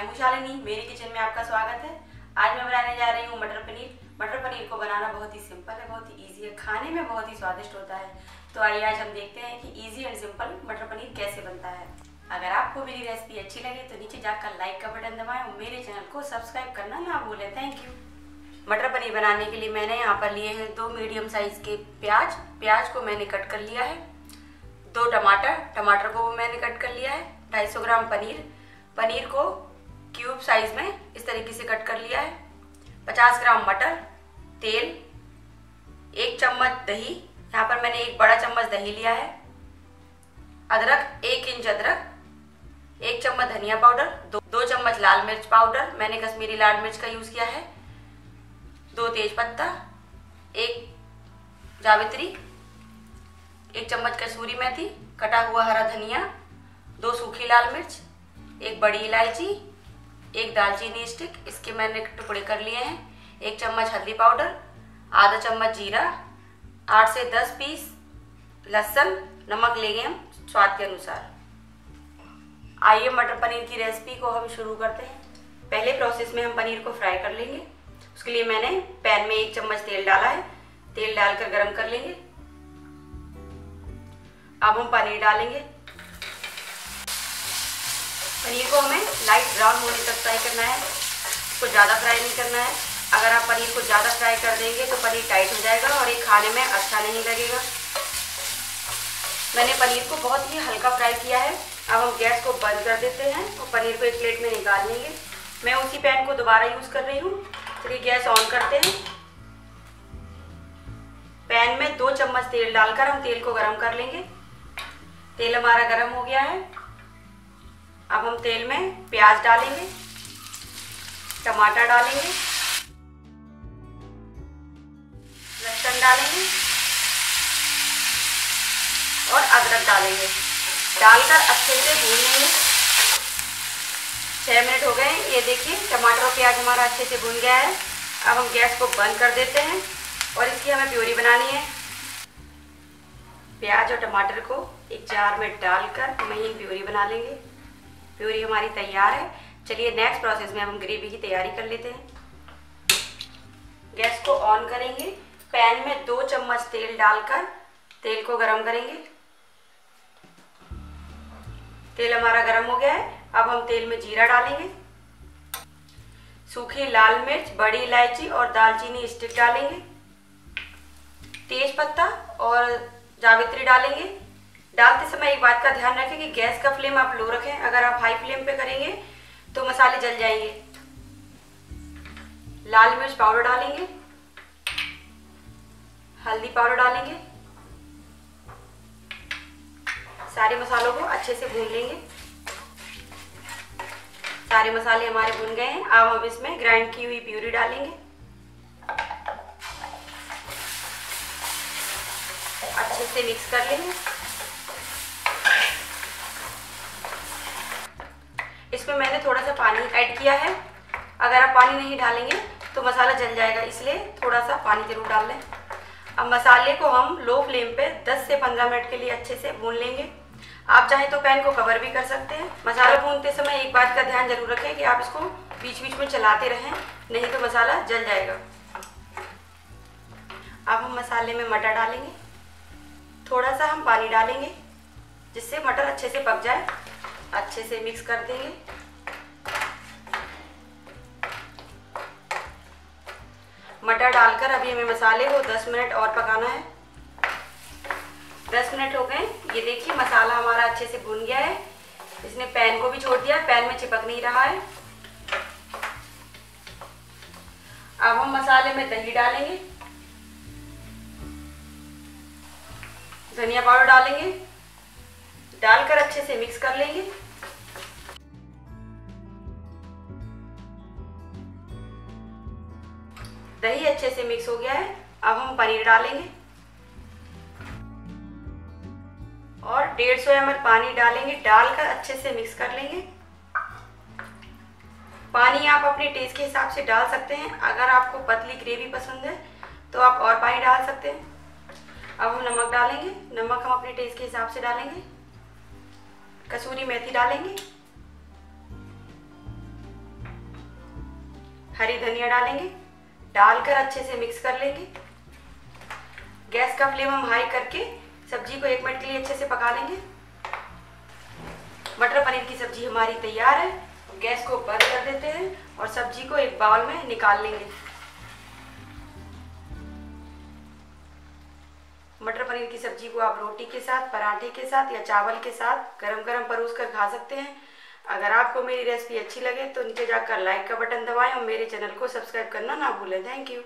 मैं हूँ शालिनी मेरे किचन में आपका स्वागत है आज मैं बनाने जा रही हूँ मटर पनीर मटर पनीर को बनाना बहुत ही सिंपल है बहुत ही इजी है खाने में बहुत ही स्वादिष्ट होता है तो आइए आज हम देखते हैं कि easy and simple matar paneer कैसे बनता है अगर आपको मेरी रेसिपी अच्छी लगे तो नीचे जाकर लाइक का बटन दबाएं और मेरे चैनल को सब्सक्राइब करना ना भूलें थैंक यू मटर पनीर बनाने के लिए मैंने यहाँ पर लिए हैं दो मीडियम साइज के प्याज प्याज को मैंने कट कर लिया है दो टमाटर टमाटर को मैंने कट कर लिया है ढाई ग्राम पनीर पनीर को क्यूब साइज में इस तरीके से कट कर लिया है 50 ग्राम मटर तेल एक चम्मच दही यहाँ पर मैंने एक बड़ा चम्मच दही लिया है अदरक एक इंच अदरक एक चम्मच धनिया पाउडर दो, दो चम्मच लाल मिर्च पाउडर मैंने कश्मीरी लाल मिर्च का यूज किया है दो तेज पत्ता एक जावित्री एक चम्मच कसूरी मेथी कटा हुआ हरा धनिया दो सूखी लाल मिर्च एक बड़ी इलायची एक दालचीनी स्टिक इसके मैंने टुकड़े कर लिए हैं एक चम्मच हल्दी पाउडर आधा चम्मच जीरा आठ से दस पीस लहसुन नमक लेंगे हम स्वाद के अनुसार आइए मटर पनीर की रेसिपी को हम शुरू करते हैं पहले प्रोसेस में हम पनीर को फ्राई कर लेंगे उसके लिए मैंने पैन में एक चम्मच तेल डाला है तेल डालकर गरम कर लेंगे अब हम पनीर डालेंगे पनीर को हमें लाइट ब्राउन होने तक फ्राई करना है इसको ज़्यादा फ्राई नहीं करना है अगर आप पनीर को ज़्यादा फ्राई कर देंगे तो पनीर टाइट हो जाएगा और ये खाने में अच्छा नहीं लगेगा मैंने पनीर को बहुत ही हल्का फ्राई किया है अब हम गैस को बंद कर देते हैं और पनीर को एक प्लेट में निकाल लेंगे मैं उसी पैन को दोबारा यूज़ कर रही हूँ चलिए गैस ऑन करते हैं पैन में दो चम्मच तेल डालकर हम तेल को गरम कर लेंगे तेल हमारा गरम हो गया है अब हम तेल में प्याज डालेंगे टमाटर डालेंगे लहसुन डालेंगे और अदरक डालेंगे डालकर अच्छे से भून लेंगे छः मिनट हो गए ये देखिए टमाटर और प्याज हमारा अच्छे से भून गया है अब हम गैस को बंद कर देते हैं और इसकी हमें प्योरी बनानी है प्याज और टमाटर को एक जार में डालकर हमें ही प्योरी बना लेंगे प्योरी हमारी तैयार है चलिए नेक्स्ट प्रोसेस में हम ग्रेवी की तैयारी कर लेते हैं गैस को ऑन करेंगे पैन में दो चम्मच तेल डालकर तेल को गरम करेंगे तेल हमारा गरम हो गया है अब हम तेल में जीरा डालेंगे सूखी लाल मिर्च बड़ी इलायची और दालचीनी स्टिक डालेंगे तेज पत्ता और जावित्री डालेंगे डालते समय एक बात का ध्यान रखें कि गैस का फ्लेम आप लो रखें अगर आप हाई फ्लेम पे करेंगे तो मसाले जल जाएंगे लाल मिर्च पाउडर डालेंगे हल्दी पाउडर डालेंगे सारे मसालों को अच्छे से भून लेंगे सारे मसाले हमारे भुन गए हैं अब हम इसमें ग्राइंड की हुई प्यूरी डालेंगे अच्छे से मिक्स कर लेंगे इसमें मैंने थोड़ा सा पानी ऐड किया है अगर आप पानी नहीं डालेंगे तो मसाला जल जाएगा इसलिए थोड़ा सा पानी ज़रूर डाल लें अब मसाले को हम लो फ्लेम पे 10 से 15 मिनट के लिए अच्छे से भून लेंगे आप चाहें तो पैन को कवर भी कर सकते हैं मसाला भूनते समय एक बात का ध्यान जरूर रखें कि आप इसको बीच बीच में चलाते रहें नहीं तो मसाला जल जाएगा अब हम मसाले में मटर डालेंगे थोड़ा सा हम पानी डालेंगे जिससे मटर अच्छे से पक जाए अच्छे से मिक्स कर देंगे टमाटर डालकर अभी हमें मसाले को 10 मिनट और पकाना है 10 मिनट हो गए ये देखिए मसाला हमारा अच्छे से भुन गया है इसने पैन को भी छोड़ दिया पैन में चिपक नहीं रहा है अब हम मसाले में दही डालेंगे धनिया पाउडर डालेंगे डालकर अच्छे से मिक्स कर लेंगे दही अच्छे से मिक्स हो गया है अब हम पनीर डालेंगे और 150 सौ पानी डालेंगे डालकर अच्छे से मिक्स कर लेंगे पानी आप अपने टेस्ट के हिसाब से डाल सकते हैं अगर आपको पतली ग्रेवी पसंद है तो आप और पानी डाल सकते हैं अब हम नमक डालेंगे नमक हम अपने टेस्ट के हिसाब से डालेंगे कसूरी मेथी डालेंगे हरी धनिया डालेंगे डालकर अच्छे से मिक्स कर लेंगे गैस का फ्लेम हम हाई करके सब्जी को एक मिनट के लिए अच्छे से पका लेंगे मटर पनीर की सब्जी हमारी तैयार है गैस को बंद कर देते हैं और सब्जी को एक बाउल में निकाल लेंगे मटर पनीर की सब्जी को आप रोटी के साथ पराठे के साथ या चावल के साथ गरम गरम परोस कर खा सकते हैं अगर आपको मेरी रेसिपी अच्छी लगे तो नीचे जाकर लाइक का बटन दबाएं और मेरे चैनल को सब्सक्राइब करना ना भूलें थैंक यू